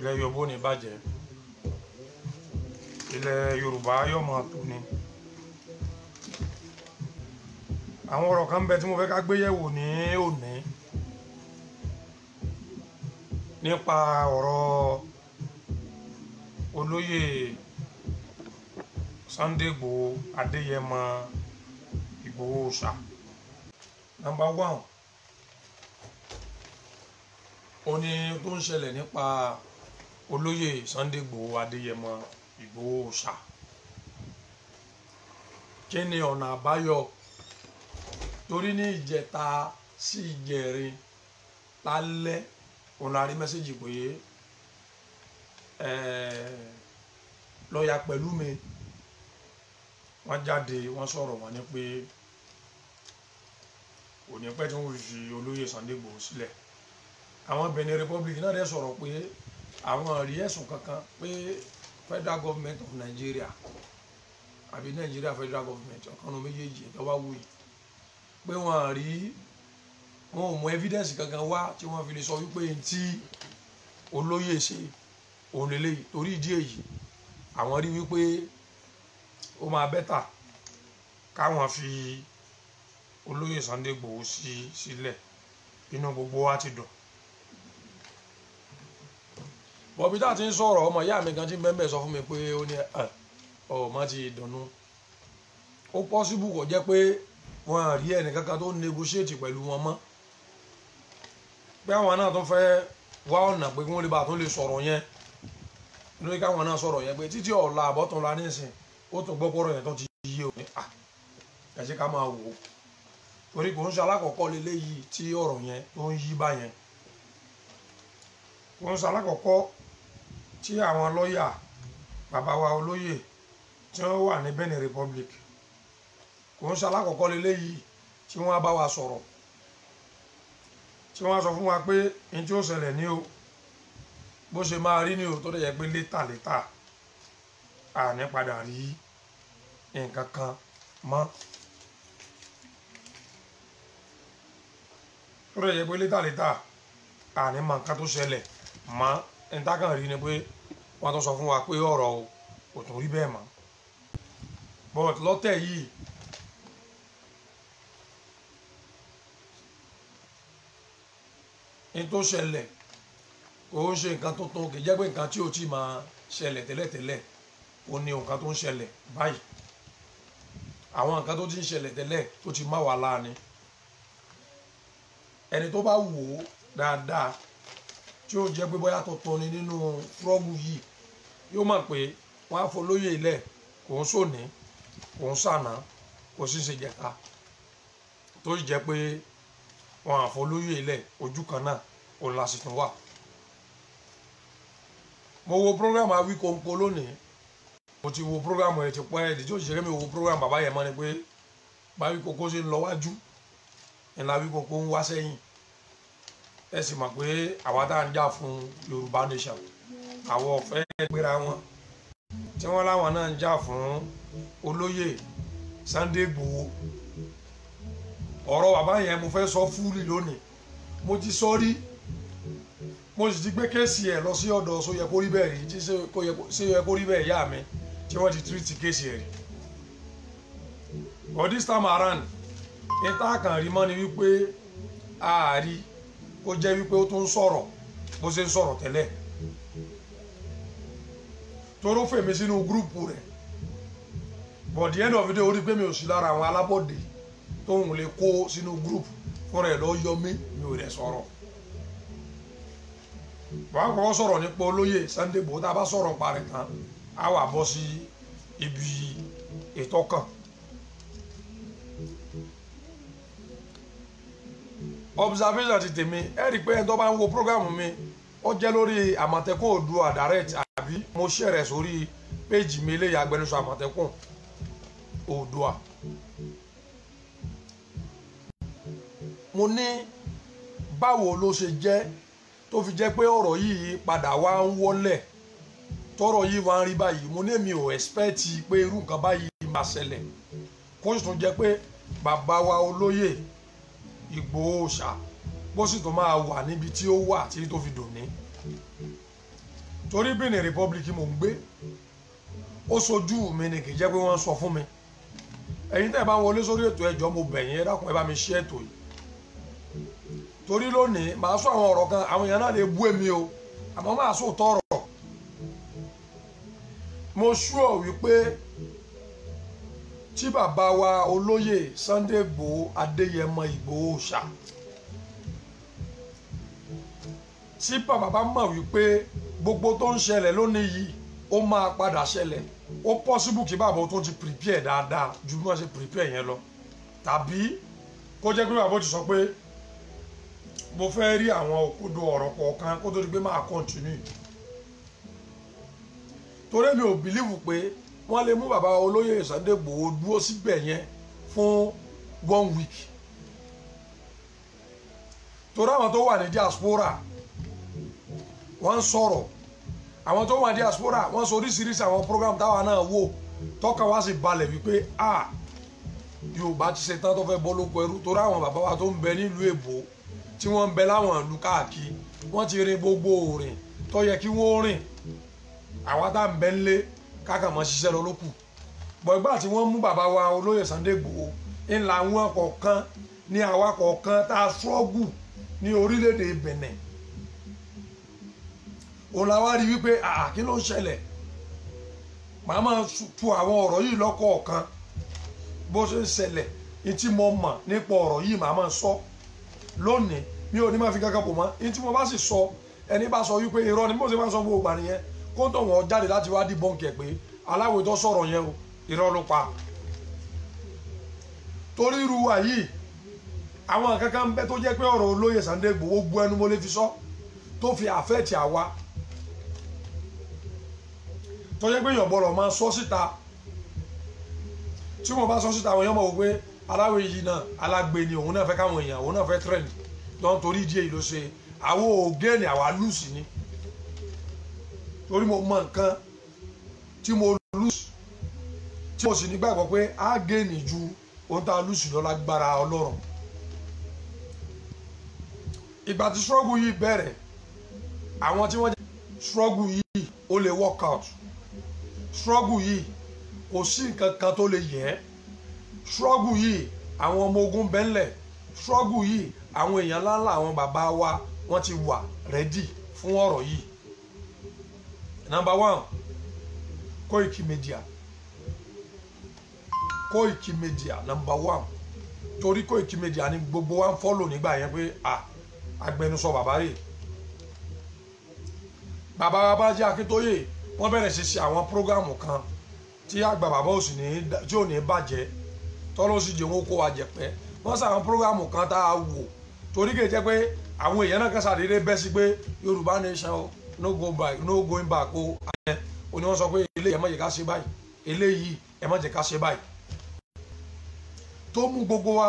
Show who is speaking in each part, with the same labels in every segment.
Speaker 1: ilẹ̀ Yorùbá ò ní bàjẹ́ ilẹ̀ Yorùbá yóò máa tò ní àwọn ọ̀rọ̀ kan bẹ tí mo fẹ́ ká gbé yẹ̀wò ní òní nípa ọ̀rọ̀ olóyè Sunday Adéyẹmọ Ìgbòho ṣá nọ́mbà one ó ní tó ń ṣẹlẹ̀ nípa olóyè Sunday Igboho Adéyẹmọ Ìgbòho Òòṣà kí ni ọ̀nà àbáyọ torí ní ìjẹta sí ìjẹrin lálẹ́ òun la rí mẹ́sẹ̀gì pé lọ́ọ̀yà Pẹ̀lúmi wọ́n jáde wọ́n sọ̀rọ̀ wọ́n ní pé òní pẹ́ tí wọ́n fi olóyè Sunday Igboho sílẹ̀ àwọn Benin Republic náà dẹ̀ sọ̀rọ̀ pé àwọn rí ẹ̀sùn kankan pé federal government of Nigeria àbí Nigeria federal government ọ̀kanú méjèèjì ìjọba wù yìí pé wọ́n rí wọn ò mú evidence kankan wá tí wọ́n fi lè sọ wípé tí olóyè ṣe òun lélẹ́yìí torí ìdí èyí àwọn rí wípé ó máa bẹ́tà káwọn fi olóyè Sunday Igboho sí sílẹ̀ inú gbogbo wa ti dùn bọ̀bí tá a ti ń sọ̀rọ̀ ọmọ ìyá mi kan tí mẹ́mẹ́ sọ fún mi pé ó ní ah, ọmọ ti dùnnú ó pọ́síbù kò jẹ́ pé wọ́n á rí ẹnìkankan tó negotiate pẹ̀lú wọn mọ́ pé àwọn náà tó fẹ́ wá ọ̀nà pé kí wọ́n lè bá tó lè sọ̀rọ̀ yẹn lórí káwọn náà sọ̀rọ̀ yẹn pé títí ọ̀la àbọ̀tún la nísìn ó tún gbọ́pọ̀rọ̀ yẹn tó ti yí o ah, ẹ ṣe ká máa wò ó torí kò ń ṣe alákọ̀ọ́kọ́ leléyìí tí ọ̀rọ̀ yẹn tó ń yí báyẹn kò ń ṣe alákọ̀ọ́kọ́ tí àwọn lọ́ọ̀yà bàbá wa olóyè tí wọ́n wà ní Benin Republic kò ń ṣalákọ̀ọ́kọ́ lélẹ́yìí tí wọ́n bá wa sọ̀rọ̀ tí wọ́n sọ fún wa pé n tí ó ṣẹlẹ̀ ní o bó ṣe máa rí ní o tó dẹ̀ yẹ pé létà létà àní padà rí nǹkan kan mọ́ tó dẹ̀ yẹ pé létà létà àní mọ nǹkan tó ṣẹlẹ̀ mọ́ ntakàn rí ni pé wọ́n tún sọ fún wa pé ọ̀rọ̀ o kò tún rí bẹ́ẹ̀ mọ́ but lọ́tẹ̀ yìí ní tó ṣẹlẹ̀ kò ń ṣe nǹkan tuntun kì í jẹ́ pé nǹkan tí ò tí máa ṣẹlẹ̀ tẹ́lẹ̀tẹ́lẹ̀ ó ní nǹkan tó ń ṣẹlẹ̀ báyìí àwọn nǹkan tó ti ń ṣẹlẹ̀ tẹ́lẹ̀ tó ti má wà láàánú ẹni tó bá wò ó dáadáa tí yóò jẹ́ pé bóyá tuntun ni nínú trọ́bù yìí yóò mọ̀ pé wọ́n á folóyè ilẹ̀ kò ń sòní kò ń sànà kò sì ń ṣe jẹ̀ka tó sì jẹ́ pé wọ́n á folóyè ilẹ̀ ojú kan náà òun la sì tún wà. mo wo program Awíkonko lónìí mo ti wo program ẹ̀ ti pẹ́ ẹ̀dí tí ó ṣe kí mi wo program bàbá yẹn mọ́ ni pé báwíkoko ṣe ń lọ wájú ẹ̀ làwíkoko ń wá sẹ́yìn ẹ sì mọ̀ pé àwa tá à ń jà fún Yorùbá nation àwọn ọ̀fẹ́ gbéra wọn tí wọ́n láwọn náà ń jà fún olóyè Sunday Igboho ọ̀rọ̀ bàbá yẹn mo fẹ́ sọ fúlì lónìí mo ti sọ rí mo sì ti gbé kéèsì ẹ̀ lọ sí ọ̀dọ̀ so yẹ kó rí bẹ́ẹ̀ rí tí ṣe yẹ kó rí bẹ́ẹ̀ yá mi tí wọ́n ti tírìtì kéèsì ẹ̀ rí but this time around ní tá a kàn rí mọ́ ni wípé a rí. Ah, kó jẹ́ wípé ó tún ń sọ̀rọ̀ bó ṣe ń sọ̀rọ̀ tẹ́lẹ̀ toró fèmí sínú gúrùpù rẹ̀ but the end of the day ó rí pé mi ò sí lára àwọn alábọ̀dé tóun lè kó sínú gúrùpù fúnra ẹ̀ lọ́ọ́ yọ mí mi ò rẹ̀ sọ̀rọ̀ wàá kọ́kọ́ sọ̀rọ̀ nípa olóyè Sunday Igboho tá a bá sọ̀rọ̀ parẹ̀ tán á wà bọ́ sí ibi ètò observation ti tèmi ẹ rí i pé ẹni tó bá ń wo program mi ó jẹ́ lórí àmọ̀tẹ́kùn Oòduà direct àbí mo share rẹ̀ sórí péjì mi eléyìí agbẹnusọ àmọ̀tẹ́kùn Oòduà. mo ní báwo ló ṣe jẹ́ tó fi jẹ́ pé ọ̀rọ̀ yìí padà wá ń wọlẹ̀ tọ́rọ̀ yìí wá ń rí báyìí mo ní èmi ò ẹ̀spẹ́ẹ̀tì pé irú nǹkan báyìí máa ṣẹlẹ̀ kó sì tún jẹ́ pé bàbá wa olóyè Ìgbòho ṣá bó sì tó máa wà níbi tí ó wà tí tó fi dòní torí Benin Republic mò ń gbé ó sojú mi ni kì í jẹ́ pé wọ́n sọ fún mi ẹ̀yin tẹ́ ẹ bá ń wọlé sórí ètò ẹjọ́ mo bẹ̀ yín ẹ dákun ẹ bá mi ṣí ètò yìí torí lónìí màá sọ àwọn ọ̀rọ̀ kan àwọn èèyàn náà lè bú èmi o àmọ́ màá sọ òótọ́ mo ṣúọ̀ wípé tí bàbá wa olóyè Sunday Igboho Adéyẹmọ Ìgbòho ṣá tí bàbá bá mọ̀ wípé gbogbo tó ń ṣẹlẹ̀ lónìí yìí ó máa padà ṣẹlẹ̀ ó pọ́sibú kí bàbá tó ti prepare dáadáa ju bí wọ́n ṣe prepare yẹn lọ tàbí kó jẹ́ pé bàbá ti sọ pé mo fẹ́ rí àwọn òkodo ọ̀rọ̀ kọ̀ọ̀kan kó tó di pé máa continue torí mi ò bìlíwù pé wọ́n lè mú bàbá olóyè Sunday Igboho dúró síbẹ̀ yẹn fún one week torí àwọn tó wà ní diaspora wọ́n ń sọ̀rọ̀ àwọn tó wà ní diaspora wọ́n sọ oríṣiríṣi àwọn program táwa náà wò tọ́ka wá sí balẹ̀ wípé a Yorùbá ti ṣe tán tó fẹ́ bọ́ lóko ẹrú torí àwọn bàbá wa tó ń bẹ nílùú èbó tí wọ́n ń bẹ láwọn ìlú káàkiri wọ́n ti rin gbogbo òrìn tó yẹ kí wọ́n rìn àwa tá à ń bẹ ńlé kákan mọ́ ṣiṣẹ́ lọ lókù bọ̀ ìgbà tí wọ́n mú bàbá wa olóyè Sunday Igboho ńlá wọn kọ̀ọ̀kan ní àwa kọ̀ọ̀kan tá a ṣọ́gù ní orílẹ̀-èdè Benin òun la wá rí wípé àà kí ló ń ṣẹlẹ̀ màá máa tu àwọn ọ̀rọ̀ yìí lọ́kọ̀ọ̀kan bó ṣe ń ṣẹlẹ̀ ní tí mo mọ̀ nípa ọ̀rọ̀ yìí màá máa sọ lónìí mi ò ní máa fi kankan bò mọ́ ní tí mo bá sì sọ ẹni bá sọ wípé irọ́ ni mo ṣe máa sọ gbogbo ìgbà kó tó wọn jáde láti wá dìbọn kẹ pé aláwo tó sọ̀rọ̀ yẹn o irọ́ ló pa torí irú wa yìí àwọn kankan bẹ tó jẹ́ pé ọ̀rọ̀ olóyè Sunday Igboho ó bu ẹnu mọ́lẹ́ fi sọ tó fi àfẹ́ẹ̀tì àwa tó jẹ́ pé yọ̀bọ̀rọ̀ máa sọ síta tí wọ́n bá sọ síta àwọn èèyàn mọ̀ wípé aláwo yìí náà alágbe ni òun náà fẹ́ káwọn èèyàn òun náà fẹ́ trend tó ń torí díẹ̀ ìlú ṣe àwọn ògẹ́ni àwa lùsì ni torí mo mọ nǹkan tí mo lose tí mo sì nígbàgbọ́ pé á gèèní ju ohun tá a lose lọ lágbára ọlọ́run ìgbà tí struggle yìí bẹ̀rẹ̀ àwọn tí wọ́n jẹ́ struggle yìí ó lè work out struggle yìí kò sí nǹkan kan tó lè yẹ̀ ẹ́ struggle yìí àwọn ọmọ ogun bẹ́ńlẹ̀ struggle yìí àwọn èèyàn ńláńlá àwọn bàbá wa wọ́n ti wà rẹ́dì fún ọ̀rọ̀ yìí number one Koiki Media Koiki Media number one torí Koiki Media ni gbogbo wa ń fọ́lò nígbà yẹn pé agbẹnusọ bàbá rẹ̀ bàbá Babájí Akíntóyè wọ́n bẹ̀rẹ̀ ṣe ṣe àwọn prógámù kan tí àgbà bàbá òsì ní tí ò ní bàjẹ́ tọ́lọ́ sì jẹun ó kó wa jẹ pẹ́ wọ́n ṣe àwọn prógámù kan tá a wò torí kìí jẹ́ pé àwọn èèyàn náà kan ṣàdédé bẹ́ sí pé Yorùbá nation o no go back no going back o ẹ o ní wọ́n sọ pé eléyìí ẹ má jẹ ká ṣe báyìí eléyìí ẹ má jẹ ká ṣe báyìí tó mú gbogbo wa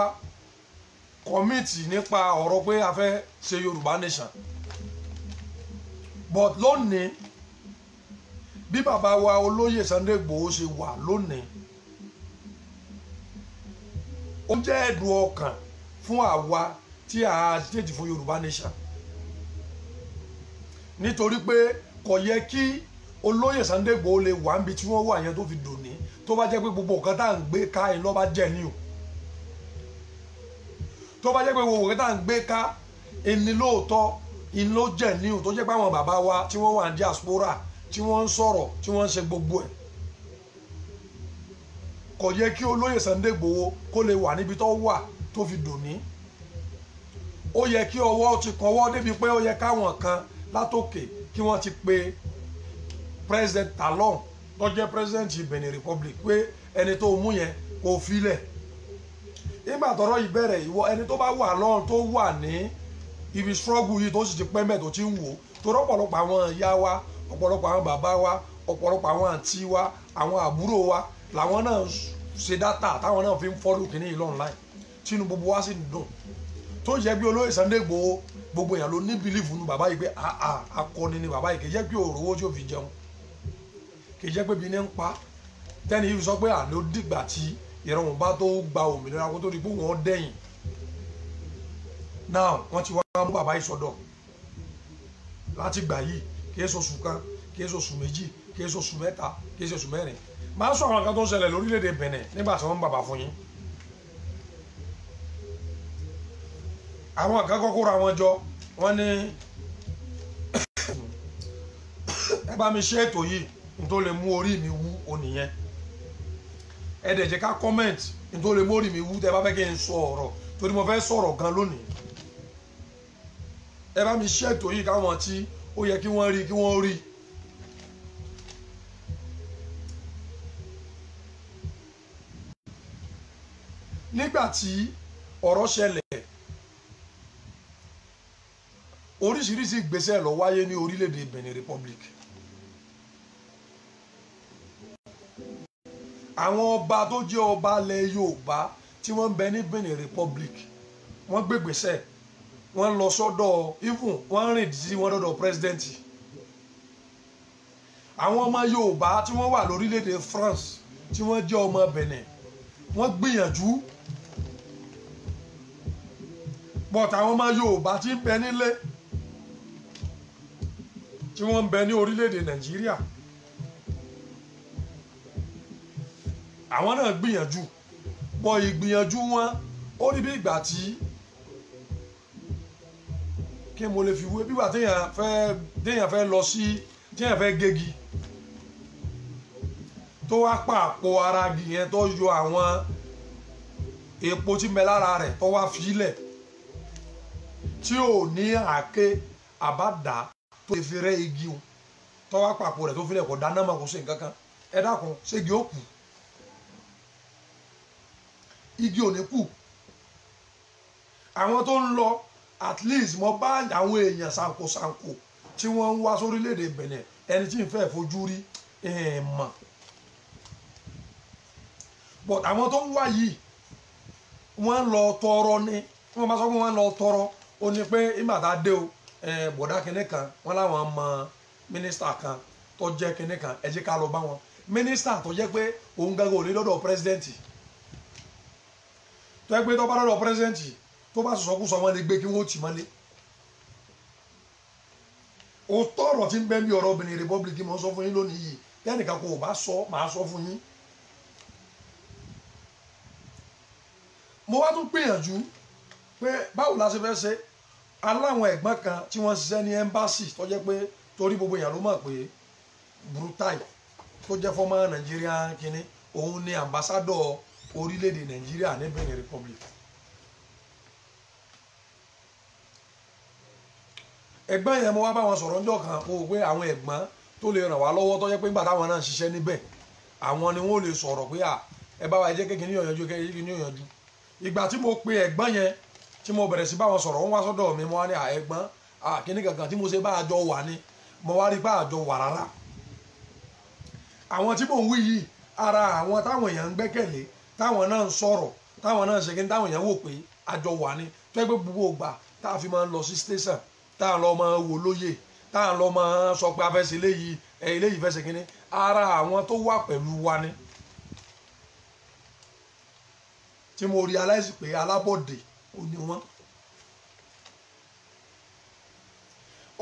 Speaker 1: kọ́mìtì nípa ọ̀rọ̀ pé a fẹ́ ṣe Yorùbá nation but lónìí bí bàbá wa olóyè Sunday Igboho ṣe wà lónìí ó jẹ́ ẹ̀dùn ọkàn fún àwa tí a ṣètì fún Yorùbá nation nítorí pé kò yẹ kí olóyè Sunday Igboho lè wà níbi tí wọ́n wà yẹn tó fi dòní tó bá jẹ́ pé gbogbo nǹkan tá à ń gbé ká ẹ̀ lọ́ba jẹ́ ni o tó bá jẹ́ pé gbogbo nǹkan tá à ń gbé ká ẹni lóòótọ́ ẹni ló jẹ́ ni o tó jẹ́ pé àwọn bàbá wa tí wọ́n wà ní diaspora tí wọ́n ń sọ̀rọ̀ tí wọ́n ń ṣe gbogbo ẹ̀ kò yẹ kí olóyè Sunday kó lè wà níbi tó wà tó fi dòní ó yẹ kí ọwọ́ ti kọwọ́ débi pé ó yẹ káwọn kan látòkè kí wọ́n ti pe president Talon tó jẹ́ president Benin Republic pé ẹni tó mú yẹn kò filẹ̀ nígbà tọ́rọ̀ yìí bẹ̀rẹ̀ ìwọ ẹni tó bá wà lọ́rùn tó wà ní ibi struggle yìí tó sì ti pẹ́ mẹ́ tó ti ń wò tó rọ́pọ̀lọpọ̀ àwọn ìyá wa ọ̀pọ̀lọpọ̀ àwọn bàbá wa ọ̀pọ̀lọpọ̀ àwọn àǹtí wa àwọn àbúrò wa làwọn náà ṣe dátà táwọn náà fi ń fọ́lù kìíní yìí online wa sì dùn tó yẹ bí olóyè Sunday Igboho gbogbo èèyàn ló ní bílífù nu bàbá yìí pé àà akọni ni bàbá yìí kì í jẹ́ pé òrówó tí ò fi jẹun kì í jẹ́ pé bí ní ń pa tẹ́ni yìí sọ pé àná dìgbà tí ìrọ̀rùn bá tó gba òmìnira kó tó di pé wọ́n dẹ̀yìn náà wọ́n ti wá mú bàbá yìí sọ́dọ̀ láti gbà yìí kì í sọ̀sù kan kì í sọ̀sù méjì kì í sọ̀sù mẹ́ta kì í sọ̀sù mẹ́rin máa sọ àwọn kan tó ń ṣẹlẹ̀ lórílẹ̀‐èdè Benin nígbà tí wọ́n ń bàbá fún yín àwọn kan kọ́kọ́ ra wọn jọ wọ́n ní ẹ bá mi ṣe ètò yìí n tó lè mú orí mi wú oníyẹn ẹ dẹ̀ jẹ́ ká kọ́mẹ̀ntì n tó lè mú orí mi wú tẹ́ bá fẹ́ kí n sọ ọ̀rọ̀ torí mo fẹ́ sọ̀rọ̀ gan lónìí ẹ bá mi ṣe ètò yìí káwọn tí ó yẹ kí wọ́n rí kí wọ́n rí. nígbà tí ọ̀rọ̀ ṣẹlẹ̀ oríṣiríṣi ìgbésẹ̀ ló wáyé ní orílẹ̀-èdè Benin Republic àwọn ọba tó jẹ́ ọba ilẹ̀ Yorùbá tí wọ́n ń bẹ ní Benin Republic wọ́n gbégbésẹ̀ wọ́n lọ sọ́dọ̀ even wọ́n rìn sí wọ́n dọ́dọ̀ president àwọn ọmọ Yorùbá tí wọ́n wà lórílẹ̀‐èdè France tí wọ́n jẹ́ ọmọ Benin wọ́n gbìyànjú but àwọn ọmọ Yorùbá tí ń bẹ nílé tí wọ́n ń bẹ ní orílẹ̀-èdè nàìjíríà àwọn náà gbìyànjú bọ ìgbìyànjú wọn ó rí bí ìgbà tí kí mo lè fi wé bí ìgbà téèyàn fẹ́ téèyàn fẹ́ lọ sí téèyàn fẹ́ gégi tó wá pàpọ̀ ara yẹn tó yọ àwọn epo tí mẹ lára rẹ̀ tó wá filẹ̀ tí ò ní àáké àbádàá tó fi rẹ́ igi o tọ́wọ́ àpapọ̀ rẹ̀ tó fi lẹ̀kọ́ dáná mọ̀ kó ṣe nǹkan kan ẹ dákun ṣégi ó kù igi ò ní kù àwọn tó ń lọ at least mo bá àwọn èèyàn ṣàǹkóṣàǹkó tí wọ́n ń wá sórílẹ̀-èdè Benin ẹni tí ń fẹ́ fojú rí mọ̀ but àwọn tó ń wá yìí wọ́n ń lọ tọrọ ni wọ́n bá sọ pé wọ́n ń lọ tọrọ ó ní pé ìmàdá dé o bọ̀dá kínní kan wọ́n láwọn mọ mínísítà kan tó jẹ́ kínní kan ẹ jẹ́ ká lọ bá wọn mínísítà tó jẹ́ pé òun gangan ò lè lọ́dọ̀ pírẹsidẹ́ǹtì tó yẹ pé tó bá lọ́dọ̀ pírẹsidẹ́ǹtì tó bá sọ̀sọ́kú sọ wọn lè gbé kí wọ́n tì mọ́lé òótọ́ ọ̀rọ̀ tí ń bẹ́ bí ọ̀rọ̀ obìnrin republic mọ̀ sọ fún yín lónìí yìí tẹ́nìkan kò bá sọ màá sọ fún yín. mo wá tún gbìyànjú pé báwo la ṣe fẹ́ ṣe aláwọn ẹ̀gbọ́n kan tí wọ́n ṣiṣẹ́ ní ẹ́mbáàsì tó jẹ́ pé torí gbogbo èèyàn ló mọ̀ pé Brutai tó jẹ́ fọ́mọ Nàìjíríà kínní òun ni ambassadọ orílẹ̀-èdè Nàìjíríà ní Benin Republic. ẹ̀gbọ́n yẹn mo wá bá wọn sọ̀rọ̀ ńjọ́ kan mo wò pé àwọn ẹ̀gbọ́n tó lè ràn wá lọ́wọ́ tó jẹ́ pé nígbà táwọn náà ṣiṣẹ́ níbẹ̀ àwọn ni wọ́n lè sọ̀rọ̀ pé ẹ bá wa jẹ́ kékeré ní ọ̀yànjú kékeré ní ọ̀yànjú ìgbà tí mo pe ẹ̀gbọ́n yẹn tí mo bẹ̀rẹ̀ sí bá wọn sọ̀rọ̀ wọ́n wá sọ́dọ̀ mi mo wá ní àẹ́gbọ́n àkíní kankan tí mo ṣe bá àjọ wà ni mo wá rí bá àjọ wà rárá àwọn tí mò ń wí yìí ara àwọn táwọn èèyàn ń gbẹ́kẹ̀lé táwọn náà ń sọ̀rọ̀ táwọn náà ń ṣe kí táwọn èèyàn wò pé àjọ wà ni tó ẹgbẹ́ gbogbo ògbà tá a fi máa ń lọ sí station tá a lọ máa wò lóye tá a lọ máa sọ pé afẹsẹ eléyìí eléyìí fẹsẹ kínní ara àwọn tó wà pẹ̀lú wa ni tí mo realize pé alábọ̀dé ò ní wọn.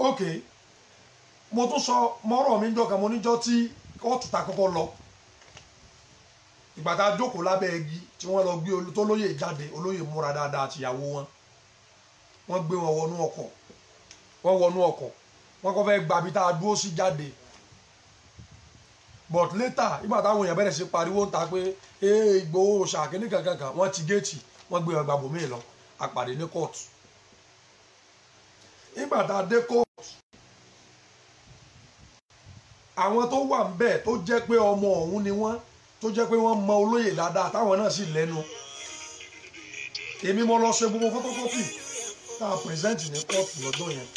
Speaker 1: ok mo tún sọ mọ́rọ̀ mi jọ kan mo níjọ́ tí kóòtù ta kọ́kọ́ lọ ìgbà tá a jókòó lábẹ́ igi tí wọ́n lọ gbé tó lóyè jáde olóyè múra dáadáa àtìyàwó wọn wọ́n gbé wọn wọnú ọkọ̀ wọ́n wọnú ọkọ̀ wọ́n kọ́ fẹ́ gbàbí tá a dúró sí jáde but later ìgbà táwọn èèyàn bẹ̀rẹ̀ sí pariwo ń ta pé ee Ìgbòho ṣàkíní kankan kan wọ́n ti géètì wọ́n gbé wọn gbàgbọ́ míì lọ a pàdé ní kóòtù nígbà tá a dé kóòtù àwọn tó wà ń bẹ̀ tó jẹ́ pé ọmọ ọ̀hún ni wọ́n tó jẹ́ pé wọ́n mọ olóyè dáadáa táwọn náà sì lẹ́nu èmi mo lọ ṣe gbogbo fọ́tọ́kọ́pì tá a pírẹsẹ́ǹtì ní kóòtù lọ́dún yẹn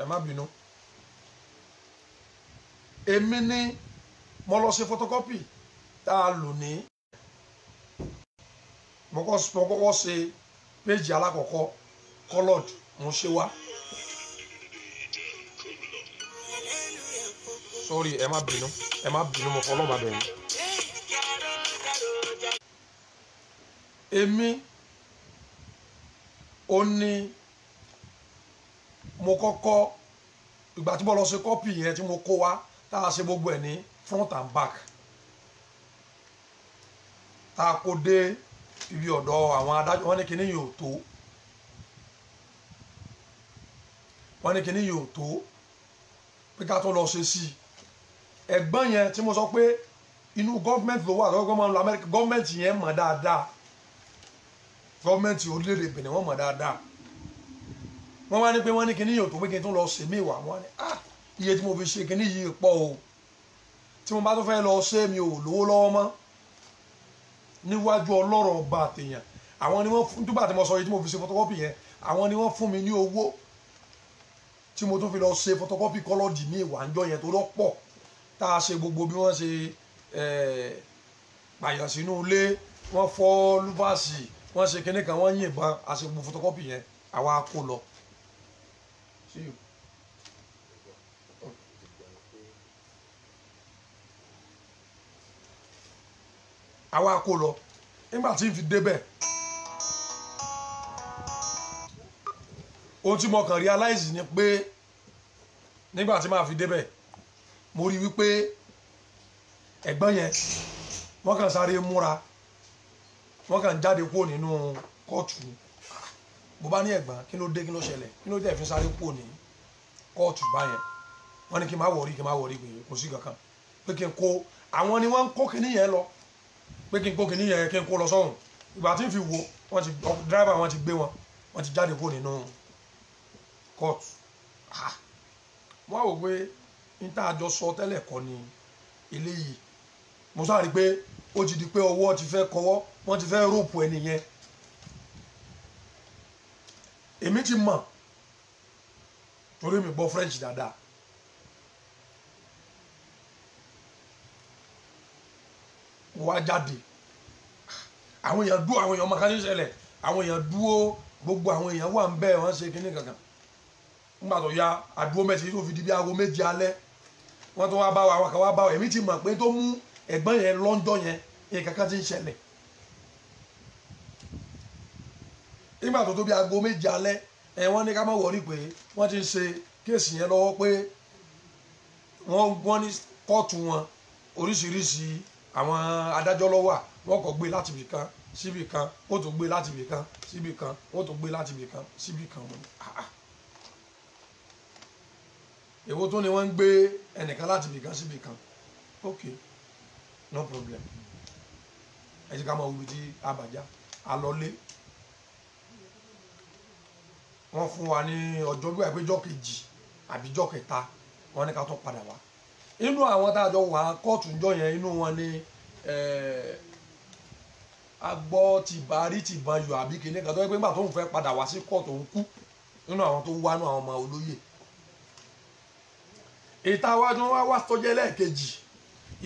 Speaker 1: ẹ má bínú èmi ni mo lọ ṣe fọ́tọ́kọ́pì tá a lò ní mo kọ́kọ́ ṣe péjì alákọ̀ọ́kọ́ colored mo ṣe wá. sorry ẹ má bínú ẹ má bínú mo fọlọ́ bàbá yẹn. èmi ò ní mo kọ́kọ́ ìgbà tí mo lọ ṣe kọ́pì yẹn tí mo kó wá tá a ṣe gbogbo ẹ̀ ní front and back tá a kó dé ibi ọ̀dọ̀ àwọn adájọ́ wọn ní kíní yóò tó wọn ní kíní yóò tó pé ká tó lọ ṣe sí i ẹ̀gbọ́n yẹn tí mo sọ pé inú gọ́ọ̀mẹ̀ntì ló wà lọ́wọ́ gọ́ọ̀mẹ̀ntì Amẹ́ríkà gọ́ọ̀mẹ̀ntì yẹn mọ̀ dáadáa gọ́ọ̀mẹ̀ntì orílẹ̀-èdè Benin wọ́n mọ̀ dáadáa wọ́n wá ní pé wọ́n ní kíní yóò tó pé kí n tún lọ ṣe mí ìwà wọn ni ah iye tí mo fi ṣe kíní yìí pọ̀ o tí mo bá tún fẹ́ lọ ṣe mi ò lówó lọ́wọ́ mọ́ níwájú ọlọ́rọ̀ ọba àtẹ̀yàn àwọn ni wọ́n fún dúgbà tí mo sọ yìí tí mo fi ṣe photocopy yẹn àwọn ni wọ́n fún mi ní owó tí mo tún fi lọ ṣe photocopy kọ́lọ́dì ní ìwà ńjọ yẹn tó lọ́pọ̀ tá a ṣe gbogbo bí wọ́n ṣe pààyàn sínú ilé wọ́n fọ́ lúfàsì wọ́n ṣe kinní kan wọ́n yìnbọn a se gbogbo photocopy yẹn àwa kó lọ. See you. àwa kò lọ nígbà tí n fi débẹ̀ ohun tí mo kàn realize ni pé nígbà tí màá fi débẹ̀ mo rí wípé ẹ̀gbọ́n yẹn wọ́n kàn sáré múra wọ́n kàn jáde kúrò nínú kóòtù bó bá ní ẹ̀gbọ́n kí ló dé kí ló ṣẹlẹ̀ kí ló dé fi sáré kúrò ní kóòtù báyẹn wọ́n ní kí n má wọrí kí n má wọrí pé kò sí kankan pé kí n kó àwọn ni wọ́n ń kó kinní yẹn lọ pé kí n kó kìíní yẹn kí n kó lọ sọ́run ìgbà tí n fi wo wọn ti dírẹ́bà wọn ti gbé wọn wọn ti jáde kó nínú court ah! wọn á wò pé n tá a jọ sọ tẹ́lẹ̀ kọ́ ni eléyìí mo sáré pé ó ti di pé ọwọ́ ti fẹ́ kọwọ́ wọ́n ti fẹ́ rọ́ọ̀pù ẹni yẹn èmi ti mọ̀ torí mi gbọ́ French dáadáa mo wá jáde àwọn èèyàn dúró àwọn èèyàn ọmọ kan ní ṣẹlẹ̀ àwọn èèyàn dúró gbogbo àwọn èèyàn wà ń bẹ̀ wọ́n ṣe kínní kankan nígbà tó ya àdúró mẹ́sì tó fi di bí aago méje alẹ́ wọ́n tó wá bá wa wákà wá bá wa èmi ti mọ̀ pé tó mú ẹ̀gbọ́n yẹn lọ́njọ́ yẹn nǹkan kan ti ń ṣẹlẹ̀ nígbà tó tó bí aago méje alẹ́ ẹ̀ wọ́n ní ká má wọrí pé wọ́n ti ń ṣe kéèsì yẹn lọ́wọ́ pé wọ́n wọ́n ní kóòtù wọn oríṣiríṣi àwọn adájọ́ lọ́wọ́ à wọ́n kọ́ gbé láti ibì kan síbì kan ó tún gbé láti ibì kan síbì kan ó tún gbé láti ibì kan síbì kan wọn èwo tó ni wọ́n ń gbé ẹnìkan láti ibì kan síbì kan ok no problem ẹ ti ká máa wuli tí a bàjá a lọ lé wọ́n fún wa ní ọjọ́ bí wàá pé jọ́ kejì àbí jọ́ kẹta wọ́n ní ká tó padà wá inú àwọn tá a jọ wà kóòtù ńjọ yẹn inú wọn ni agbọ́ ti bari ti bayọ̀ àbí kìíní kan tó yẹ pé nígbà tó ń fẹ́ padà wá sí kóòtù òun kú nínú àwọn tó ń wá nínú àwọn ọmọ olóyè ìta wájú wá wá sọjẹ́ lẹ́ẹ̀kejì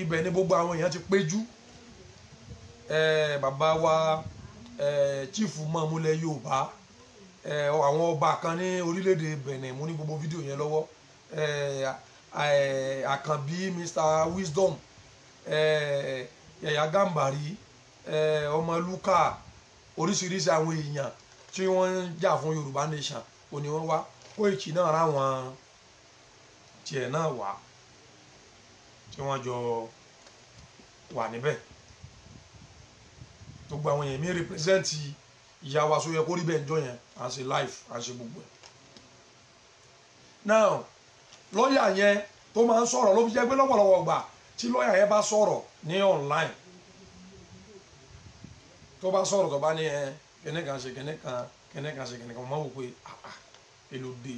Speaker 1: ibẹ̀ ni gbogbo àwọn èèyàn ti péjú bàbá wa chiefu mọ̀múlẹ̀ yorùbá àwọn ọba kan ní orílẹ̀-èdè benin mo ní gbogbo fídíò yẹn lọ́wọ́ I can be mr wisdom eh, Yaya gàmbàrí eh, ọmọ luka oríṣiríṣi àwọn èèyàn tí wọ́n ń jà fún yorùbá nation òní wọ́n wá kó èkì náà ráwọn tiẹ̀ náà wá tí wọ́n jọ wà níbẹ̀ gbogbo àwọn èèyàn mi represent ìyá wa sóyẹ kórìbẹ̀ ń jọ yẹn à life à gbogbo ẹ̀ now lọ́ọ̀yà yẹn tó máa ń sọ̀rọ̀ ló fi jẹ́ pé lọ́pọ̀lọpọ̀ gbà tí lọ́ọ̀yà yẹn bá sọ̀rọ̀ ní online tó bá sọ̀rọ̀ tó bá ní ẹ kẹ́ni kan ṣe kẹ́ni kan kẹ́ni kan ṣe kẹ́ni kan mọ́ wò pé àà èlò dé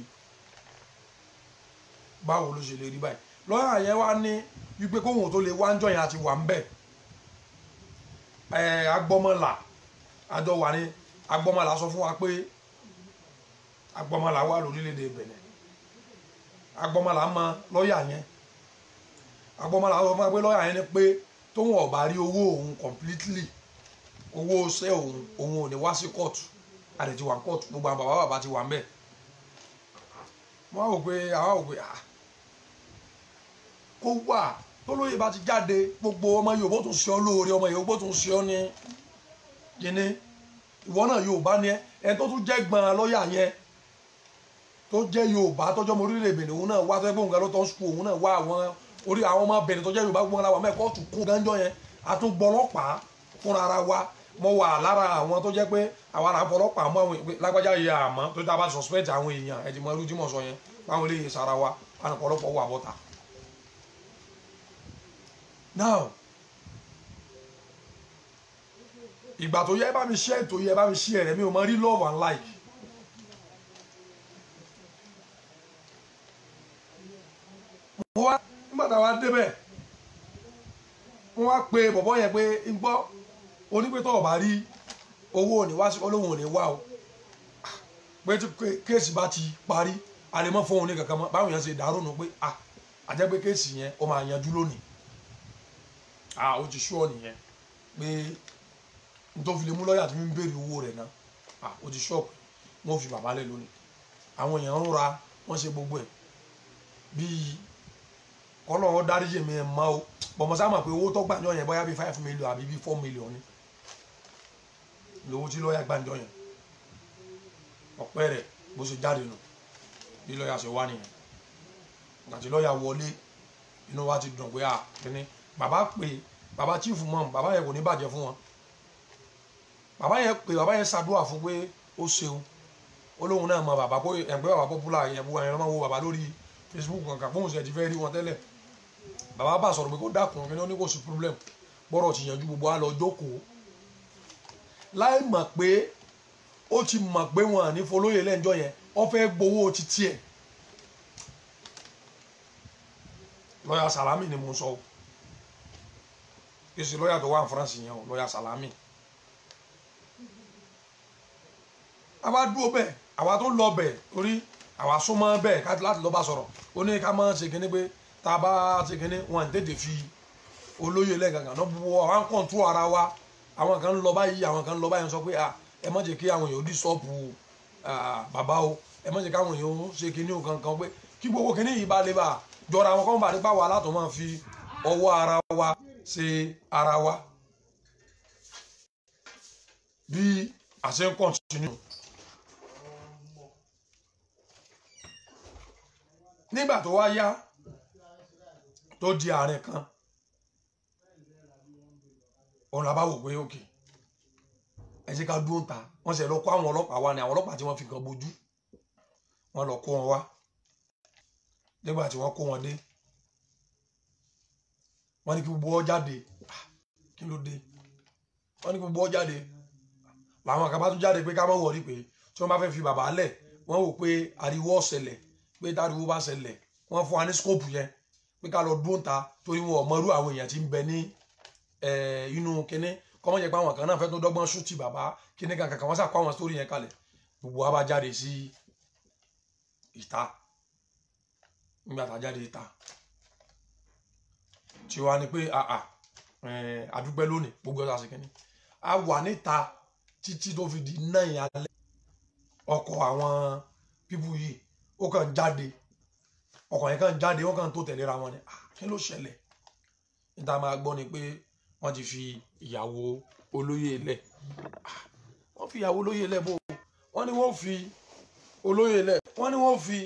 Speaker 1: báwo ló ṣe lè rí báyìí lọ́ọ̀yà yẹn wá ní wípé kóhùn tó lè wá ń jọyìn àti wà ń bẹ̀ ẹ agbọ́mọlà àjọ wà ní agbọ́mọlà sọ fún wa pé agbọ́mọlà wà lórílẹ̀‐èdè Benin agbọ́mọlà mọ lọ́ọ̀yà yẹn agbọ́mọlà sọ fún wa pé lọ́ọ̀yà yẹn ni pé tóun ọ̀bà rí owó òun completely owó ṣẹ́ òun òun ò ní wá sí kóòtù àdè ti wà ní kóòtù gbogbo àwọn bàbá bàbá ti wà ń bẹ̀ wọ́n á wò pé àwa wò pé à ah, kó wà tólóyè bá ti jáde gbogbo ọmọ Yorùbá tó ṣe ọ́ lóore ọmọ Yorùbá tó ṣe ọ́ ní kíní ìwọ náà Yorùbá ni ẹ ẹni tó tún jẹ́ gbọ́n lọ́ọ̀yà yẹn tó jẹ́ yorùbá tọ́jọ́ mọ orílẹ̀ èbèlè òun náà wá tó jẹ́ pé òun ló tọ́ sukù òun náà wá àwọn orí àwọn ọmọ bẹ̀rẹ̀ tọ́jọ́ yorùbá gbọ́n ara wa mẹ́kọ́ tún kún gánjọ́ yẹn àtúngbọ́lọ́pàá fúnra ara wa mo wà lára àwọn tó jẹ́ pé àwa là ń fọlọ́pàá mọ́ àwọn lágbájá yẹ àmọ́ tó tá suspect àwọn èèyàn ẹ̀dì mọ́ irújímọ̀ sọ yẹn báwọn eléyìí sara wa ànàpọ̀lọpọ̀ wà bọ́ta. now ìgbà tó yẹ bá mi share ètò yẹ bá mi share rẹ̀ mi ò mọ rí love and like mo wá nígbà tá a wá débẹ̀ mo wá pe bọ̀bọ́ yẹn pé n gbọ́ onípẹ́tọ́ ọ̀bá rí owó òní wá sí olóhùn òní wá o pé tí kéèsì bá ti parí àlèmọ́ fún òun ní kankan mọ́ báwọn yẹn ṣe dàrú nù pé à àjẹ́ pé kéèsì yẹn ó máa yanjú lónìí à ó ti sú ọ nìyẹn pé n tó fi lè mú lọ́ọ̀yà tó ń béèrè owó rẹ̀ náà à ó ti sú ọ pé wọ́n fi bàbá lẹ̀ lónìí àwọn èèyàn ń ra wọ́n ṣe gbogbo ẹ̀ bíi kọ́lọ́ ọ dáríjì mi ẹ̀ mọ́ o bọ̀mọ̀ sáà mọ̀ pé owó tó gbàǹjọ́ yẹn bóyá bíi five million àbí bíi four million ni lówó tí lọ́ọ̀yà gbàǹjọ́ yẹn ọ̀pẹ́ rẹ̀ bó ṣe jáde nù bí lọ́ọ̀yà ṣe wá nìyẹn àti lọ́ọ̀yà wọlé inú wa ti dùn pé à kíní bàbá pè bàbá chief mọ̀ bàbá yẹn kò ní bàjẹ́ fún wọn bàbá yẹn pè bàbá yẹn ṣàdúrà fún pé ó ṣeun olóhùn náà mọ bàbá pé ẹgbẹ́ bàbá popular yẹn bó ẹ̀rọ máa wo bàbá lórí Facebook kankan bóun ṣe ti fẹ́ rí wọn tẹ́lẹ̀ bàbá bá sọ̀rọ̀ pé kó dákun kí ni ó ní kò sí problem bọ́rọ̀ ti yanjú gbogbo àlọ́ jókòó láì mọ̀ pé ó ti mọ̀ pé wọn à ní folóyè lẹ́njọ́ yẹn wọ́n fẹ́ gbowó ti tiẹ̀ lọ́yà Salami ni mo sọ o èsì lọ́yà tó wà ní France yẹn o lọ́yà Salami a bá dúró bẹ́ẹ̀ àwa tó lọ bẹ́ẹ̀ torí àwa súnmọ́ bẹ́ẹ̀ láti lọ́ọ́ bá sọ̀rọ̀ ó ní ká máa ṣe kíní pé taba a bá ṣe kínní wọn tètè fi olóyè lẹ́gàgàn náà bu wa wọn kàn tó ara wa àwọn kan lọ báyìí àwọn kan lọ báyìí sọ pé à ẹ má jẹ́ kí àwọn èèyàn dísọ́ọ̀pù bàbá o ẹ má jẹ́ káwọn èèyàn ṣe kínní o kankan pé kí gbogbo kínní yìí bá lè bá jọra àwọn kan bá lè bá wa látọ̀ máa fi ọwọ́ ara wa ṣe ara wa bí àṣẹ ń kọ̀ntínú. nígbà tó wá yá tó di ààrẹ kan òun làbá wò pé òkè ẹ ṣe ká dúró ta wọ́n ṣe lọ kó àwọn ọlọ́pàá wa ni àwọn ọlọ́pàá tí wọ́n fi kan bojú wọ́n lọ kó wọn wá nígbà tí wọ́n kó wọn dé wọ́n ní kí gbogbo ọ jáde ah, kí ló dé wọ́n ní kí gbogbo ọ jáde làwọn kan bá jáde pé ká má wọrí pé tí wọ́n bá fẹ́ fi bàbá lẹ̀ wọ́n wò pé ariwo ọ̀sẹ̀lẹ̀ pé táriwo bá ṣẹlẹ̀ wọ́n fún wa ní skóòpù yẹn pé ká lọ dúró ta torí wọn ò mọrú àwọn èèyàn tí ń bẹ ní inú kínní kọ́mọ́ jẹ́ pé àwọn kan náà fẹ́ tó dọ́gbọ́n ṣútì bàbá kínní kan kankan wọ́n sà kó àwọn sórí yẹn kalẹ̀ gbogbo wa bá jáde sí ìta nígbà tá a jáde ìta tí wàá ni pé àdúgbẹ́ lónìí gbogbo ọ̀sà sìnkínní a wà níta títí tó fi di náà yẹn alẹ́ ọkọ̀ àwọn pípù yìí ó kàn jáde ọkọ̀ yẹn kàn jáde wọ́n kàn tó tẹ̀léra wọn ni ah, kí ló ṣẹlẹ̀ níta máa gbọ́ ni pé wọ́n ti fi ìyàwó olóyè lẹ̀ ah, wọ́n fi ìyàwó olóyè lẹ̀ bó wọ́n ní wọ́n fi olóyè lẹ̀ wọ́n ní wọ́n fi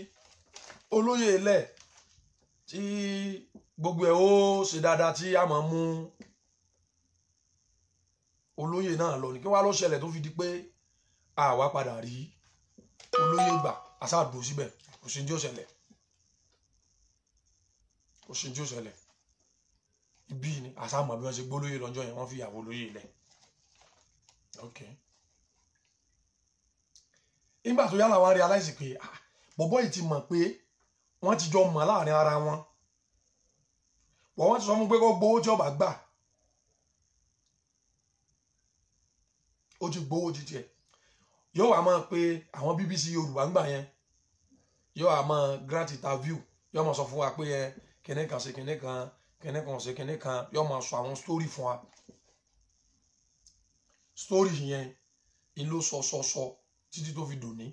Speaker 1: olóyè lẹ̀ tí gbogbo ẹ̀ ó ṣe dáadáa tí a máa mú olóyè náà lọ ní kí wọ́n á lọ ṣẹlẹ̀ tó fi di pé àwa padà rí olóyè gbà àṣà dùn síbẹ̀ kò sí ní ó ṣẹlẹ̀ kò sí tí ó ṣẹlẹ̀ ibi ni àsámọ̀ bí wọ́n ṣe gbólóyè lọ́jọ́ yẹn wọ́n fi ìyàwó lóyè lẹ̀ ok nígbà tó yá làwọn rí aláìsí pé bọ̀bọ́ yìí ti mọ̀ pé wọ́n ti jọ mọ̀ láàrin ara wọn bọ̀ wọ́n ti sọ fún pé kó gbowó tí ọba gbà ó ti gbowó ti tiẹ̀ yóò wá máa pe àwọn BBC Yorùbá ń gbà yẹn yóò wá máa grant interview yóò máa sọ fún wa pé kìnìún kan ṣe kìnìún kan kìnìún kan ṣe kìnìún kan yóò máa sọ àwọn sítórì fún wa sítórì yẹn ni ló sọ sọ sọ títí tó fi dòní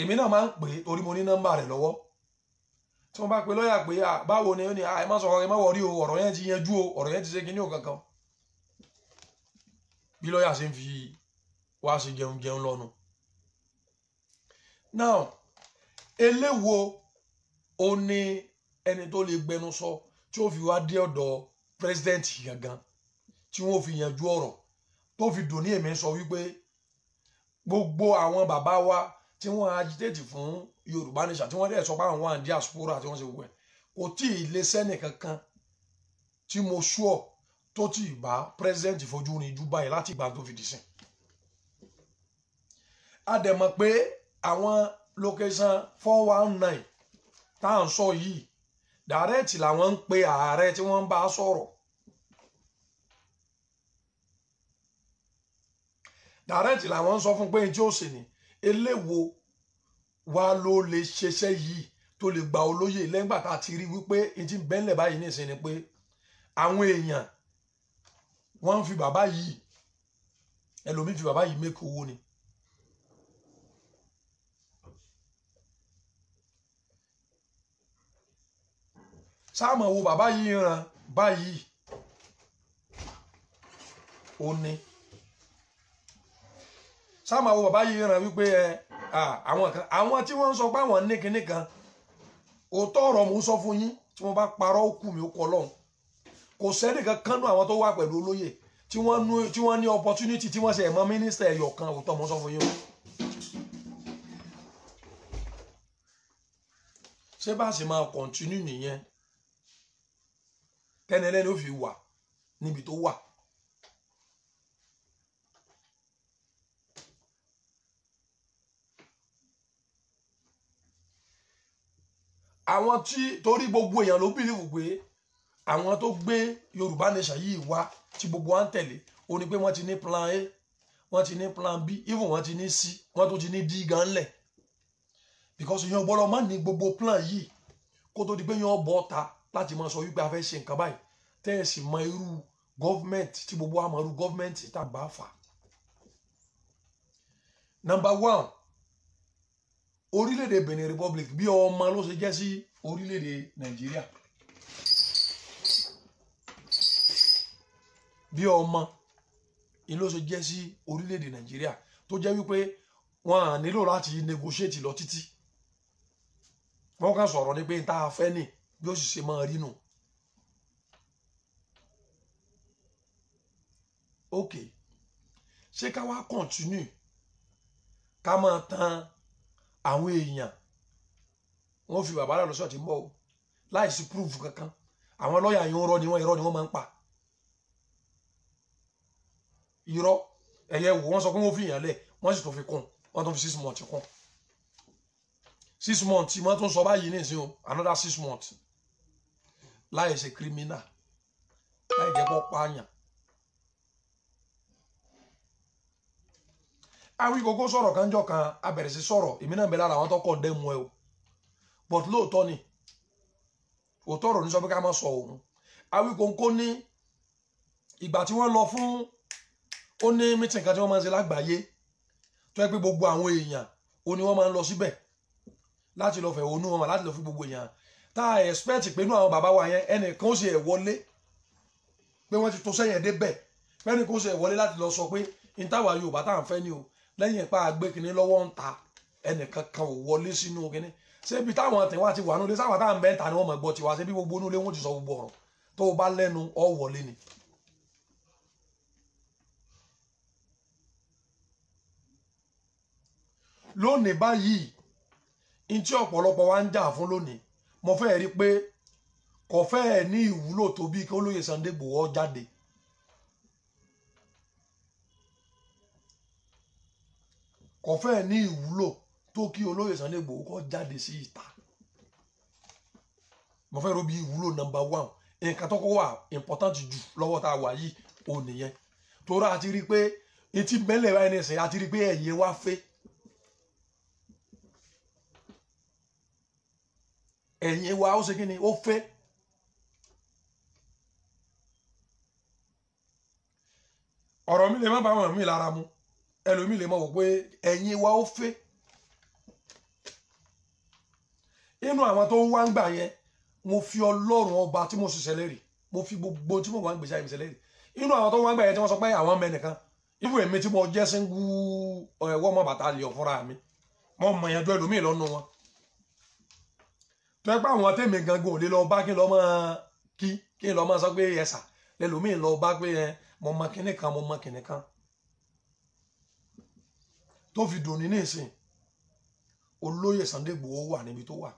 Speaker 1: èmi náà máa ń pè é torí mo ní nọ́mbà rẹ̀ lọ́wọ́ tí wọ́n bá pe lọ́ọ̀yà pé báwo ni ó ní ẹ má sọ̀rọ̀ ẹ má wọrí o ọ̀rọ̀ yẹn ti yanjú o ọ̀rọ̀ yẹn ti ṣe kínní o kankan bí lọ́ọ̀yà ṣe ń fi wá ṣe jẹun jẹun lọ́nu. now eléwo o ní ẹni tó lè gbẹnu sọ tí ó fi wá dé ọ̀dọ̀ president gangan tí wọ́n fi yanjú ọ̀rọ̀ tó fi dòní èmi sọ wípé gbogbo àwọn bàbá wa tí wọ́n agitate fún Yorùbá nation tí wọ́n dẹ̀ sọ pé àwọn wà ní diaspora tí wọ́n ṣe wẹ̀ kò tí ì lé sẹ́nì kankan tí mo sùọ́ tó ti bá president fojú rin jú báyìí láti ìgbà tó fi dì sìn. a dẹ̀ mọ̀ pé àwọn location four one nine tá à ń sọ yìí dàrẹ́ẹ̀tì làwọn ń pe ààrẹ tí wọ́n ń bá sọ̀rọ̀ dàrẹ́ẹ̀tì làwọn ń sọ fún pé ẹni tí ó sì ní eléwo wa ló lè ṣeṣẹ́ yìí tó lè gba olóyè lẹ́gbà tá a ti rí wípé ẹni bẹ́ńlẹ̀ báyìí nìsín ni pé àwọn èèyàn wọ́n ń fi bàbá yìí ẹlòmíì fi bàbá yìí mẹ́kọ̀ ni sáàmù wo bàbá yìí ràn báyìí ó ní sáàmù wo bàbá yìí ràn wípé ẹ àwọn kan àwọn tí wọ́n ń sọ pé àwọn ní kinní kan òótọ́ ọ̀rọ̀ mo sọ fún yín tí wọ́n bá parọ́ òkú mi ó kọ́ lọ́hùn kò sẹ́nìkan kan nú àwọn tó wà pẹ̀lú olóyè tí wọ́n ní opportunity tí wọ́n ṣe ẹ̀mọ́ mínísítà ẹ̀yọ̀ kan òótọ́ mo sọ fún yín o. ṣé bá a sì máa kọ̀ntínú nìyẹn tẹ́ni ẹlẹ́ni ó fi wà níbi tó wà. àwọn tí torí gbogbo èèyàn ló bìlìwù pé àwọn tó gbé Yorùbá nation yìí wá tí gbogbo wa ń tẹ̀lé ó ní pé wọ́n ti ní plan A wọ́n ti ní plan B even wọ́n ti ní C wọ́n tó ti ní D gan lẹ̀ because èèyàn gbọ́dọ̀ má ní gbogbo plan yìí kó tó di pé èèyàn bọ́ ta láti máa sọ wípé a fẹ́ ṣe nǹkan báyìí tẹ́ mọ irú gọ́fmẹ̀ntì tí gbogbo wa mọ irú gọ́fmẹ̀ntì tá a bá fà. nọmba one orílẹ̀-èdè Benin Republic bí ọmọ ló ṣe jẹ́ sí orílẹ̀-èdè Nàìjíríà bí ọmọ ló ṣe jẹ́ sí orílẹ̀-èdè Nàìjíríà tó jẹ́ wípé wọn à nílò láti negotiate lọ títí wọ́n kàn sọ̀rọ̀ ni pé tá a fẹ́ nìyí bí ó sì ṣe máa rí nù. ok ṣé ká wá continue ká máa tan àwọn èèyàn wọ́n fi bàbá rẹ̀ lọ́sọ̀ tí ń bọ̀ o láì sí púrúfù kankan àwọn lọ́ọ̀yà yìí ń rọ ni wọ́n irọ́ ni wọ́n máa ń pa irọ́ ẹ̀yẹ wò wọ́n sọ pé wọ́n fi yàn wọ́n sì tún fi kún wọ́n tún fi six months kún six months tí wọ́n tún sọ báyìí nìyẹn o another six months láì ṣe kírímínà láì jẹ́ kó pààyàn. Awíkókó sọ̀rọ̀ kan jọ kan abẹ̀rẹ̀ sí sọ̀rọ̀ èmi náà bẹ lára àwọn tó kọ̀ dẹ́mu ẹ o but lóòótọ́ ni òótọ́ ọ̀rọ̀ ní sọ pé ká má sọ òun Awíkókó ní ìgbà tí wọ́n lọ fún ó ní mítìn kan tí wọ́n máa ń ṣe lágbàáyé tó yẹ pé gbogbo àwọn èèyàn ó ní wọ́n máa ń lọ síbẹ̀ láti lọ fẹ̀hónú wọn láti lọ fi gbogbo èèyàn tá a expect pé inú àwọn bàbá wa yẹn ẹnìkan ó sì ẹ̀ wọlé pé wọ́n ti tó sẹ́yìn débẹ̀ pẹ́ẹ́nìkan ó sì ẹ̀ wọlé láti lọ sọ pé n táwa Yorùbá tá à ń fẹ́ ni o lẹ́yìn ipa àgbẹ̀ kìnní lọ́wọ́ ń ta ẹnìkan kan ò wọlé sínú kìnní ṣé ibi táwọn tẹ̀wá ti wà nulẹ̀ sáwọn táwọn bẹ́ẹ̀ ta ni wọ́n mọ̀ gbọ́ tiwa ṣé bí gbogbo nulẹ̀ wọn ti sọ gbogbo ọ̀rọ̀ tó o bá lẹ́nu ọ̀ wọlé ni. lónìí báyìí n tí ọ̀pọ̀lọpọ̀ wa ń jà fún lónìí mo fẹ́ rí pé kò fẹ́ ní ìwúlò tó bí kí olóyè Sunday Igboho jáde kò fẹ́ ní ìwúlò tó kí olóyè Sunday Igboho kó jáde sí ìta mo fẹ́ robi ìwúlò nọ́mbà one nǹkan tó kọ́ wà important jù lọ́wọ́ tá a wà yìí ò nìyẹn torí a ti rí i pé etí mẹ́lẹ̀ wáyé nìsín a ti rí i pé ẹ̀yẹ wá fẹ́. ẹ̀yìn wa ó ṣe kí ni ó fẹ́. ọ̀rọ̀ mi lè má bá wọn mi lára mu ẹlòmíì lè má wò pé ẹ̀yìn wa ó fẹ́. inú àwọn tó ń wá ń gbà yẹn mo fi ọlọ́run ọba tí mo ṣiṣẹ́ lẹ́rìí mo fi gbogbo tí mo wà ń gbèsè àìmísẹ́ lẹ́rìí inú àwọn tó ń wá ń gbà yẹn tí wọ́n sọ pé àwọn ọmọ ẹnìkan ibu èmi tí mo jẹ́ single ẹ̀wọ́ ọmọ bàtà lè ọ̀ mi mo mọ̀ yẹn ju ẹlòmíì lọ́nu wọn tẹ́ pé àwọn tèmi gangan ò lè lọ bá kí n lọ mọ́ kí kí n lọ mọ́ sọ pé ẹ̀sà lẹ́lòmíì lọ bá pé ẹ mọ mọ kínní kan mọ mọ kínní kan tó fi dùn ní nísìn olóyè Sunday Igboho wà níbi tó wà